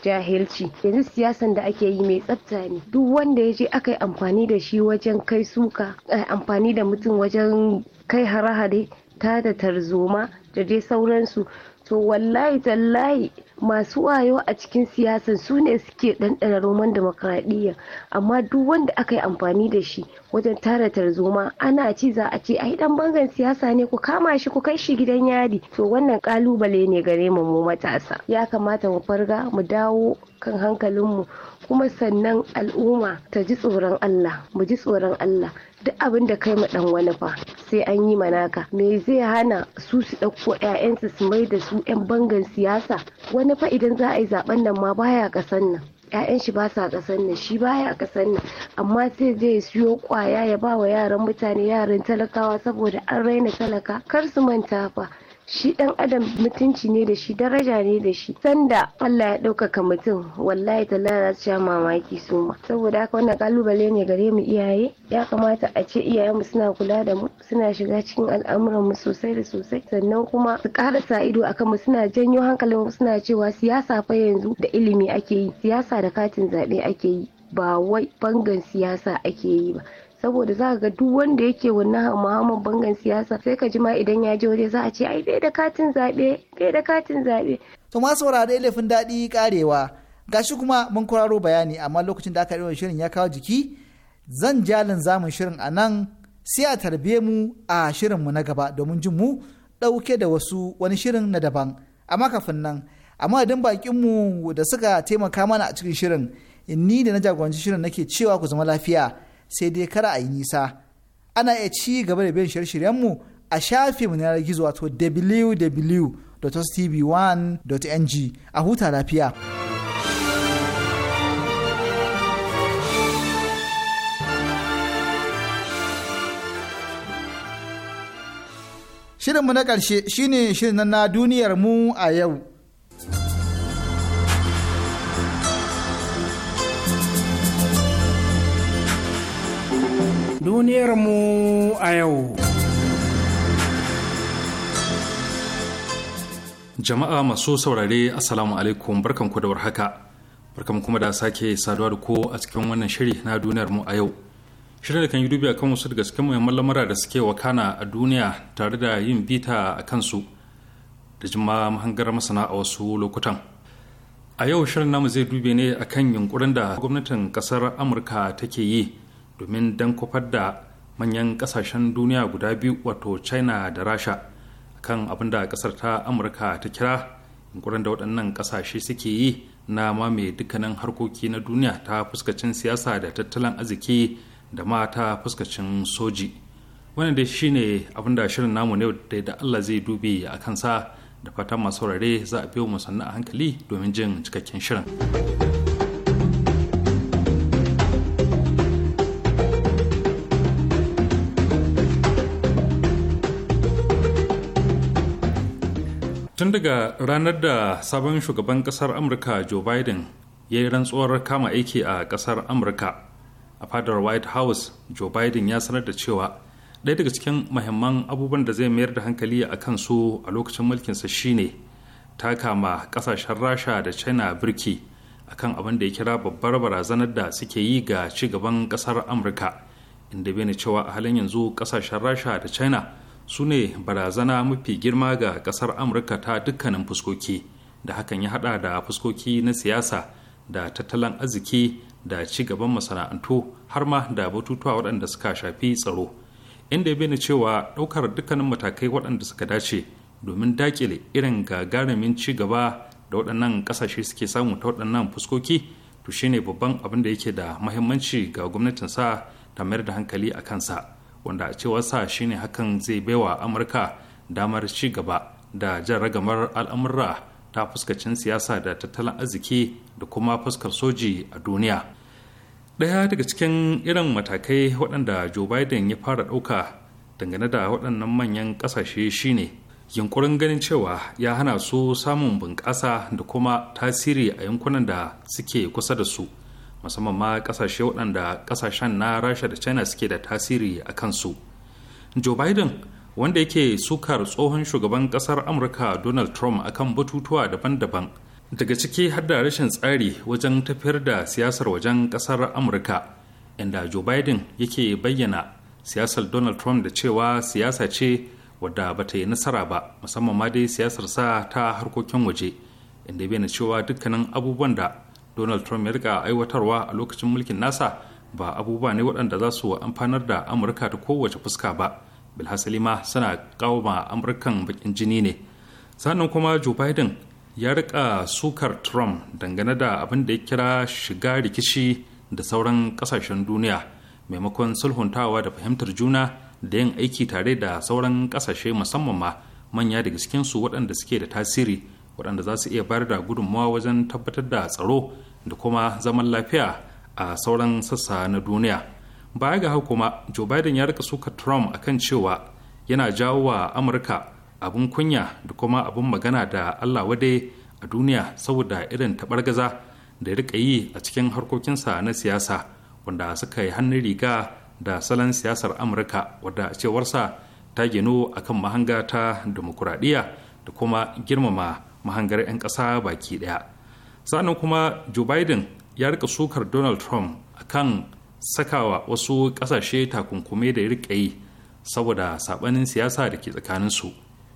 jahilci yanzu siyasan da ake yi mai tsafta ne duk wanda ya je aka yi amfani da shi wajen kai suka eh, amfani da mutum wajen kai hare-hare ta da tarzoma da dai sauransu to wallahi tallahi masu wayo a cikin siyasa su ne suke ɗanɗana roman demokradiyya amma duk wanda aka yi amfani da shi wajen tara tarzoma ana ci za a ce ai dan bangan siyasa ne ku kama shi ku kai shi gidan yari to wannan kalubale ne gare mu mu matasa ya kamata mu farga mu dawo kan hankalinmu kuma sannan al'umma ta ji tsoron Allah mu ji tsoron Allah duk abin da kai dan wani fa sai an yi manaka me zai hana su su ɗauko 'ya'yansu su mai da su 'yan bangan siyasa wani fa idan za a yi zaben nan ma baya ƙasan nan 'ya'yan shi ba sa ƙasan nan shi baya ƙasan nan amma sai zai siyo kwaya ya ba wa yaran mutane yaran talakawa saboda an raina talaka kar su manta fa shi dan adam mutunci ne da shi daraja ne da shi sanda Allah ya ɗaukaka mutum wallahi su sha mamaki su ma saboda haka wannan kalubale ne gare mu iyaye ya kamata a ce mu suna kula da mu suna shiga cikin al'amuran mu sosai da sosai sannan kuma su ƙara sa ido akan mu suna janyo hankalin mu suna cewa siyasa fa yanzu da ilimi ake yi siyasa da katin zaɓe ake yi ba wai bangan siyasa ake yi ba saboda za ga duk wanda yake wannan muhammad bangan siyasa sai ka ji ma idan ya je waje za a ce ai bai da katin zaɓe bai da katin zaɓe. to ma saurare laifin daɗi karewa gashi kuma mun kwararo bayani amma lokacin da aka yi shirin ya kawo jiki zan jalin zamun shirin a nan sai a tarbe mu a shirinmu na gaba domin jin mu ɗauke da wasu wani shirin na daban amma kafin nan amma idan bakinmu da suka taimaka mana a cikin shirin ni da na jagoranci shirin nake cewa ku zama lafiya sai dai kara a yi nisa ana iya ci gaba da bin shirye-shiryenmu a shafinmu na yanar gizo wato www.tv1.ng a huta lafiya. Shirinmu na ƙarshe shine shirin na duniyar mu a yau. Duniyarmu a yau. Jama'a masu saurare Assalamu alaikum barkanku da warhaka. Barkanku kuma da sake saduwa da ko a cikin wannan shiri na duniyarmu a yau. Shirin da kan yi dubi kan wasu daga cikin muhimman lamura da suke wakana a duniya tare da yin bita a kansu da jima mahangar masana a wasu lokutan. A yau shirin namu zai dube ne akan yunkurin da gwamnatin kasar Amurka take yi domin don kofar da manyan kasashen duniya guda biyu wato china da rasha kan abin da kasar ta amurka ta kira yunkurin da waɗannan kasashe suke yi na mai dukkanin harkoki na duniya ta fuskacin siyasa da tattalin arziki da ma ta fuskacin soji wannan dai shine abin da shirin namu ne da allah zai dubi a kansa da fatan masu za a biyo mu sannan a hankali domin jin cikakken shirin. tun daga ranar da sabon shugaban kasar amurka joe biden ya yi rantsuwar kama aiki a kasar amurka a fadar white house joe biden ya sanar da cewa ɗaya daga cikin mahimman abubuwan da zai mayar da hankali a su a lokacin mulkinsa shine ta kama kasashen rasha da china birki a kan abin da ya kira babbar barazanar da suke yi ga ci gaban ƙasar amurka inda bai cewa a halin yanzu kasashen rasha da china su ne barazana mafi girma ga kasar amurka ta dukkanin fuskoki da hakan ya hada da fuskoki na siyasa da tattalin arziki da ci gaban masana'antu har ma da batutuwa waɗanda suka shafi tsaro inda ya bayyana cewa ɗaukar dukkanin matakai waɗanda suka dace domin dakile irin gagarumin ci gaba da waɗannan ƙasashe suke samu ta waɗannan fuskoki to shine babban abin da yake da mahimmanci ga gwamnatin sa ta mayar da hankali a kansa wanda a cewar sa shine hakan zai baiwa amurka damar ci gaba da jan ragamar al'amurra ta fuskacin siyasa da tattalin arziki da kuma fuskar soji a duniya ɗaya daga cikin irin matakai waɗanda joe biden ya fara ɗauka dangane da waɗannan manyan ƙasashe shine yunkurin ganin cewa ya hana su samun bunƙasa da kuma tasiri a yankunan da suke kusa da su musamman ma kasashe waɗanda kasashen na rasha da china suke da tasiri a kansu joe biden wanda yake sukar tsohon shugaban kasar amurka donald trump akan batutuwa daban-daban daga ciki har da rashin tsari wajen tafiyar da siyasar wajen kasar amurka inda joe biden yake bayyana siyasar donald trump da cewa siyasa ce wadda ba ta yi nasara ba musamman ma dai siyasar sa ta harkokin waje inda bayyana cewa dukkanin abubuwan da donald trump ya rika aiwatarwa a lokacin mulkin nasa ba abubuwa ne waɗanda za su amfanar da amurka ta kowace fuska ba bilhassali ma suna kawo ma amurkan bakin jini ne sannan kuma joe biden ya rika sukar trump dangane da abin da ya kira shiga rikici da sauran kasashen duniya maimakon sulhuntawa da fahimtar juna da yin aiki tare da sauran kasashe musamman ma manya daga cikinsu waɗanda suke da tasiri waɗanda za su iya bayar da gudunmawa wajen tabbatar da tsaro da kuma zaman lafiya a sauran sassa na duniya baya ga haka kuma joe biden ya rika suka trump akan cewa yana jawo wa amurka abin kunya da kuma abin magana da allah wade a duniya saboda irin taɓargaza da ya rika yi a cikin harkokinsa na siyasa wanda suka yi hannun riga da salon siyasar amurka wadda cewarsa ta ginu akan mahanga ta da kuma girmama mahangar 'yan ƙasa baki ɗaya sannan kuma joe biden ya rika sukar donald trump a kan sakawa wasu kasashe takunkume da ya rika yi saboda sabanin siyasa da ke tsakaninsu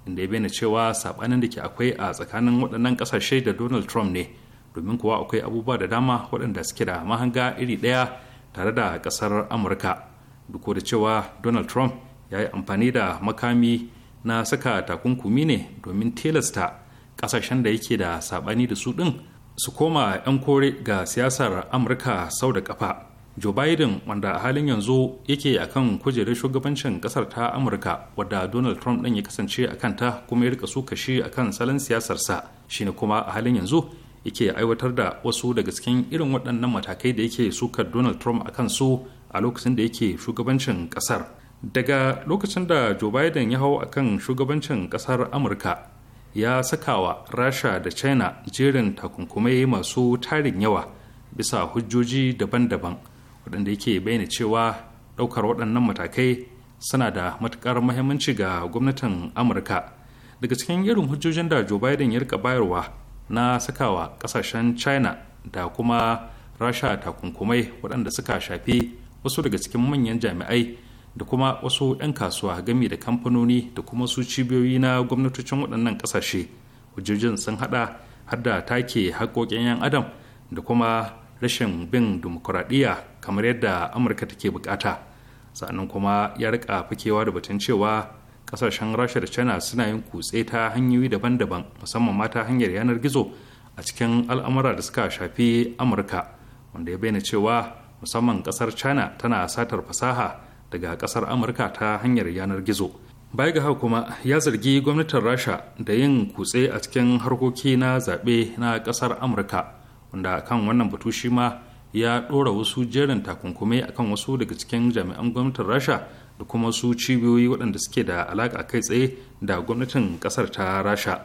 inda ya bayyana cewa sabanin da ke akwai a tsakanin waɗannan kasashe da donald trump ne domin kuwa akwai abubuwa da dama waɗanda suke da mahanga iri ɗaya tare da ƙasar amurka duk da cewa donald trump ya yi amfani da makami na saka takunkumi ne domin tilasta ƙasashen da yake da saɓani da su ɗin su koma 'yan kore ga siyasar amurka sau da kafa joe biden wanda a halin yanzu yake a kan kujerar shugabancin kasar ta amurka wadda donald trump ɗin ya kasance a kanta kuma ya rika su kashe a kan salon siyasarsa shine kuma a halin yanzu yake aiwatar da wasu daga cikin irin waɗannan matakai da yake sukar donald trump a kan su a lokacin da yake shugabancin kasar daga lokacin da joe biden ya hau a kan shugabancin kasar amurka ya sakawa rasha da china jerin takunkumai masu tarin yawa bisa hujjoji daban-daban waɗanda yake bayyana cewa ɗaukar waɗannan matakai suna da matuƙar mahimmanci ga gwamnatin amurka daga cikin irin hujjojin da joe biden ya rika bayarwa na sakawa ƙasashen china da kuma rasha takunkumai waɗanda suka shafi wasu daga cikin manyan jami'ai da kuma wasu 'yan kasuwa gami da kamfanoni da kuma su cibiyoyi na gwamnatocin waɗannan ƙasashe hujjojin sun haɗa har da take haƙoƙin 'yan adam da kuma rashin bin dimokuraɗiyya kamar yadda amurka take bukata sannan kuma ya rika fakewa da batun cewa ƙasashen rasha da china suna yin kutse ta hanyoyi daban-daban musamman ma ta hanyar yanar gizo a cikin al'amura da suka shafi amurka wanda ya bayyana cewa musamman ƙasar china tana satar fasaha daga kasar amurka ta hanyar yanar gizo baya ga haka kuma ya zargi gwamnatin rasha da yin kutse a cikin harkoki na zaɓe na kasar amurka wanda kan wannan batu shi ma ya ɗora wasu jerin takunkumai akan wasu daga cikin jami'an gwamnatin rasha da kuma su cibiyoyi waɗanda suke da alaƙa kai tsaye da gwamnatin ƙasar ta rasha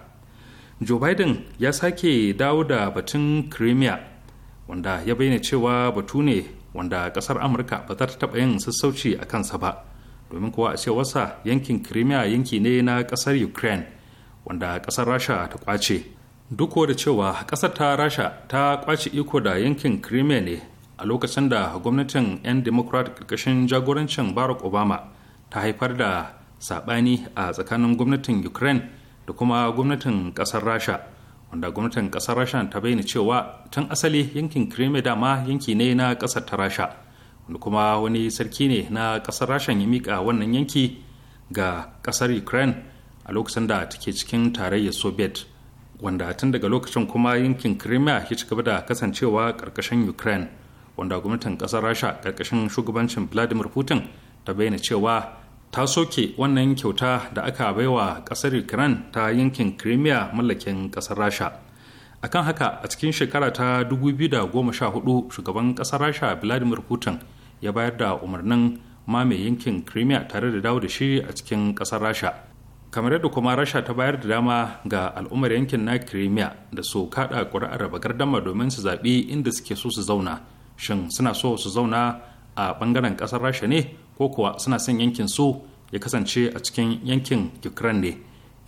joe biden ya sake dawo da batun crimea wanda ya bayyana cewa batu ne wanda kasar amurka ba ta taɓa yin sassauci a kansa ba domin kuwa a cewarsa yankin kirimiya yanki ne na kasar ukraine wanda kasar rasha ta kwace duk da cewa kasar ta rasha ta kwace iko da yankin kirimiya ne a lokacin da gwamnatin 'yan democrat karkashin jagorancin barack obama ta haifar da saɓani a tsakanin gwamnatin ukraine da kuma gwamnatin kasar rasha wanda gwamnatin kasar rasha ta bayyana cewa tun asali yankin crimea dama yanki ne na kasar ta rasha wanda kuma wani sarki ne na kasar rasha ya mika wannan yanki ga kasar ukraine a lokacin da take cikin tarayyar soviet wanda tun daga lokacin kuma yankin crimea ya ci gaba da kasancewa karkashin ukraine wanda gwamnatin kasar rasha karkashin shugabancin vladimir putin ta bayyana cewa ta soke wannan kyauta da aka baiwa kasar ukraine ta yankin crimea mallakin kasar rasha akan haka a cikin shekara ta 2014 shugaban kasar rasha vladimir putin ya bayar da umarnin mame yankin crimea tare da dawo da shi a cikin kasar rasha kamar yadda kuma rasha ta bayar da dama ga al'ummar yankin na crimea da su kada ƙuri'ar raba gardama domin su zaɓi inda suke so su zauna shin suna so su zauna a ɓangaren ƙasar rasha ne ko kuwa suna son yankin su ya kasance a cikin yankin ukraine ne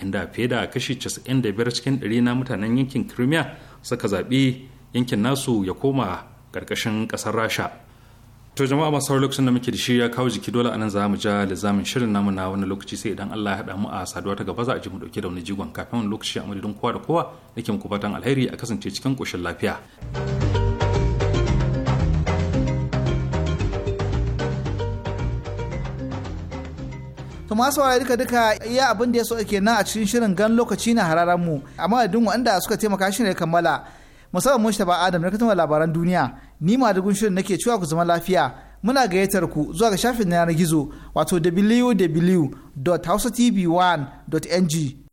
inda fiye da kashi 95 cikin 100 na mutanen yankin crimea suka zaɓi yankin nasu ya koma ƙarƙashin ƙasar rasha to jama'a masu sauran lokacin da muke da shi ya kawo jiki dole anan za mu ja lizamin shirin namu na wani lokaci sai idan Allah ya haɗa mu a saduwa ta gaba za a ji mu dauke da wani jigon kafin wani lokaci a madadin kowa da kowa nake muku fatan alheri a kasance cikin ƙoshin lafiya. to masu wara duka duka iya abin da ya so ake nan a cikin shirin gan lokaci na hararan mu amma da dun wanda suka taimaka shi ne kammala musamman Mustapha Adam na katamar labaran duniya ni ma da shirin nake cewa ku zama lafiya muna gayyatar ku zuwa ga shafin yanar gizo wato www.hausatv1.ng